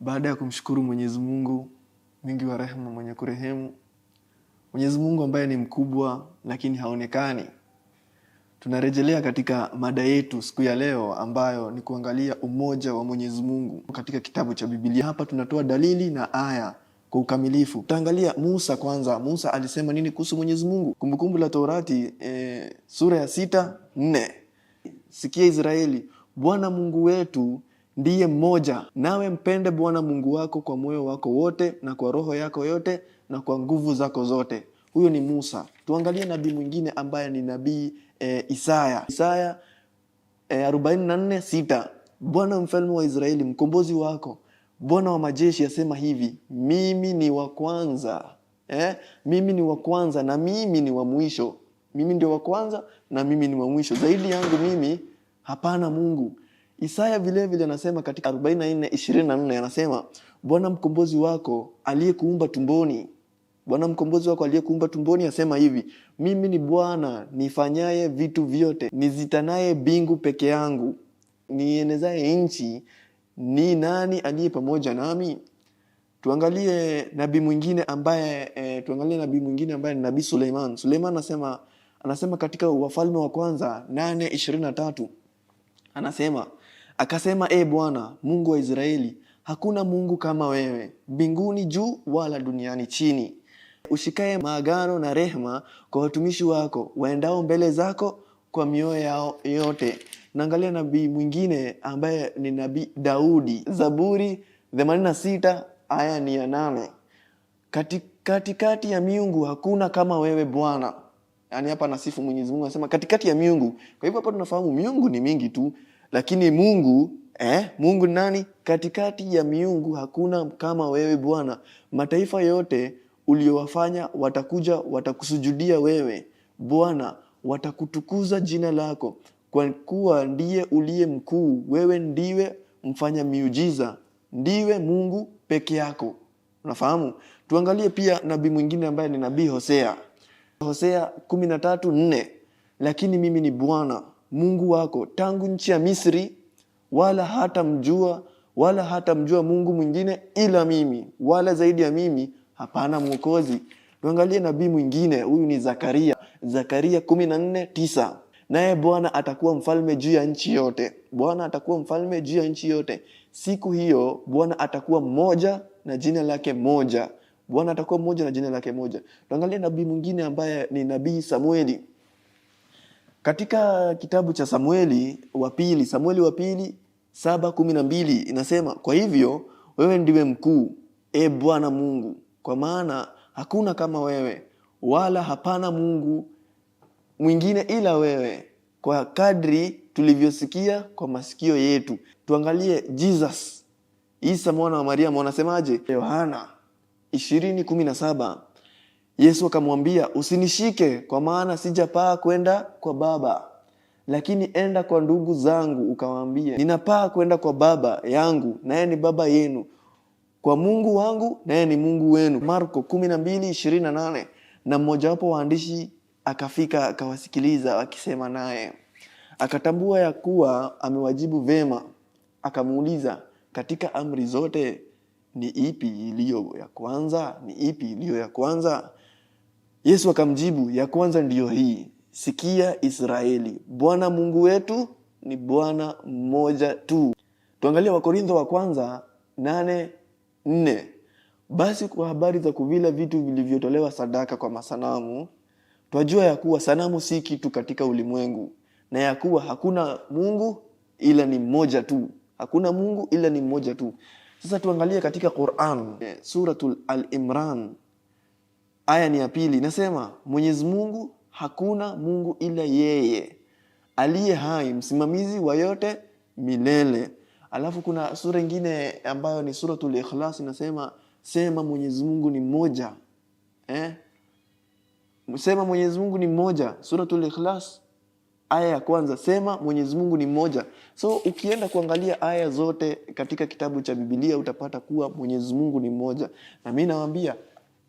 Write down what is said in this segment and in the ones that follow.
Baada ya kumshukuru Mwenyezi Mungu mwingi wa rehema, mwenye kurehemu, Mwenyezi Mungu ambaye ni mkubwa lakini haonekani, tunarejelea katika mada yetu siku ya leo ambayo ni kuangalia umoja wa Mwenyezi Mungu katika kitabu cha Biblia. Hapa tunatoa dalili na aya kwa ukamilifu. Tutaangalia Musa kwanza. Musa alisema nini kuhusu Mwenyezi Mungu? Kumbukumbu la taurati e, sura ya sita nne. Sikia Israeli, Bwana Mungu wetu ndiye mmoja. Nawe mpende Bwana Mungu wako kwa moyo wako wote na kwa roho yako yote na kwa nguvu zako zote. Huyo ni Musa. Tuangalie nabii mwingine ambaye ni nabii e, Isaya. Isaya eh, e, 44:6 Bwana mfalme wa Israeli, mkombozi wako, Bwana wa majeshi asema hivi, mimi ni wa kwanza eh? mimi ni wa kwanza na mimi ni wa mwisho. Mimi ndio wa kwanza na mimi ni wa mwisho, zaidi yangu mimi hapana Mungu. Isaya vilevile anasema katika 44:24 anasema, Bwana mkombozi wako aliyekuumba tumboni, Bwana mkombozi wako aliyekuumba tumboni asema hivi, mimi ni Bwana nifanyaye vitu vyote, nizitanaye bingu peke yangu, nienezaye nchi, ni nani aliye pamoja nami? Tuangalie nabii mwingine ambaye e, tuangalie nabii mwingine ambaye ni nabii Suleiman. Suleiman anasema anasema katika Wafalme wa Kwanza 8:23 anasema akasema, E Bwana Mungu wa Israeli, hakuna Mungu kama wewe mbinguni juu wala duniani chini, ushikaye maagano na rehma kwa watumishi wako waendao mbele zako kwa mioyo yao yote. Naangalia nabii mwingine ambaye ni nabii Daudi, Zaburi 86 aya ni ya 8 katikati kati ya miungu hakuna kama wewe Bwana yani hapa anasifu Mwenyezi Mungu, anasema katikati ya miungu. Kwa hivyo hapa tunafahamu miungu ni mingi tu, lakini Mungu eh, Mungu ni nani? Katikati ya miungu hakuna kama wewe Bwana. Mataifa yote uliowafanya watakuja, watakusujudia wewe Bwana, watakutukuza jina lako, kwa kuwa ndiye uliye mkuu, wewe ndiwe mfanya miujiza, ndiwe Mungu peke yako. Unafahamu, tuangalie pia nabii mwingine ambaye ni nabii Hosea Hosea 13:4 lakini mimi ni Bwana Mungu wako tangu nchi ya Misri, wala hatamjua wala hatamjua Mungu mwingine ila mimi, wala zaidi ya mimi hapana mwokozi. Tuangalie nabii mwingine, huyu ni Zakaria. Zakaria 14:9 naye Bwana atakuwa mfalme juu ya nchi yote. Bwana atakuwa mfalme juu ya nchi yote. Siku hiyo Bwana atakuwa mmoja na jina lake moja Bwana atakuwa mmoja na jina lake moja. Tuangalie nabii mwingine ambaye ni nabii Samueli. Katika kitabu cha Samueli wa pili, Samueli wa pili saba kumi na mbili inasema, kwa hivyo wewe ndiwe mkuu, e Bwana Mungu, kwa maana hakuna kama wewe, wala hapana Mungu mwingine ila wewe, kwa kadri tulivyosikia kwa masikio yetu. Tuangalie Jesus, Isa mwana wa maria mwanasemaje Yohana ishirini kumi na saba Yesu akamwambia, usinishike kwa maana sijapaa kwenda kwa Baba, lakini enda kwa ndugu zangu ukawambia ninapaa kwenda kwa Baba yangu naye ni Baba yenu, kwa Mungu wangu naye ni Mungu wenu. Marko kumi na mbili ishirini na nane Na mmojawapo waandishi akafika akawasikiliza akisema naye, akatambua ya kuwa amewajibu vema, akamuuliza katika amri zote ni ipi iliyo ya kwanza? Ni ipi iliyo ya kwanza? Yesu akamjibu, ya kwanza ndiyo hii, sikia Israeli, Bwana Mungu wetu ni Bwana mmoja tu. Tuangalie Wakorintho wa kwanza nane nne. Basi kwa habari za kuvila vitu vilivyotolewa sadaka kwa masanamu, twajua ya kuwa sanamu si kitu katika ulimwengu, na ya kuwa hakuna Mungu ila ni mmoja tu. Hakuna Mungu ila ni mmoja tu. Sasa tuangalie katika Quran eh, Suratul Al-Imran aya ni ya pili, inasema Mwenyezi Mungu hakuna Mungu ila yeye aliye hai msimamizi wa yote milele. Alafu kuna sura ingine ambayo ni Suratul Ikhlas inasema sema Mwenyezi Mungu ni mmoja eh? Sema Mwenyezi Mungu ni mmoja. Suratul Ikhlas Aya ya kwanza sema Mwenyezi Mungu ni mmoja. So ukienda kuangalia aya zote katika kitabu cha Biblia utapata kuwa Mwenyezi Mungu ni mmoja, na mi nawaambia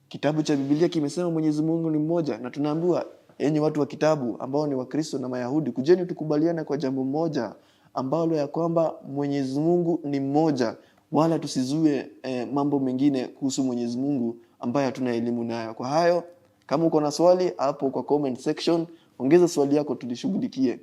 kitabu cha Biblia kimesema Mwenyezi Mungu ni mmoja, na tunaambiwa enyi watu wa kitabu ambao ni Wakristo na Mayahudi, kujeni tukubaliane kwa jambo moja ambalo ya kwamba Mwenyezi Mungu ni mmoja, wala tusizue eh, mambo mengine kuhusu Mwenyezi Mungu ambayo hatuna elimu nayo. Kwa hayo, kama uko na swali hapo kwa comment section Ongeza swali yako tulishughulikie.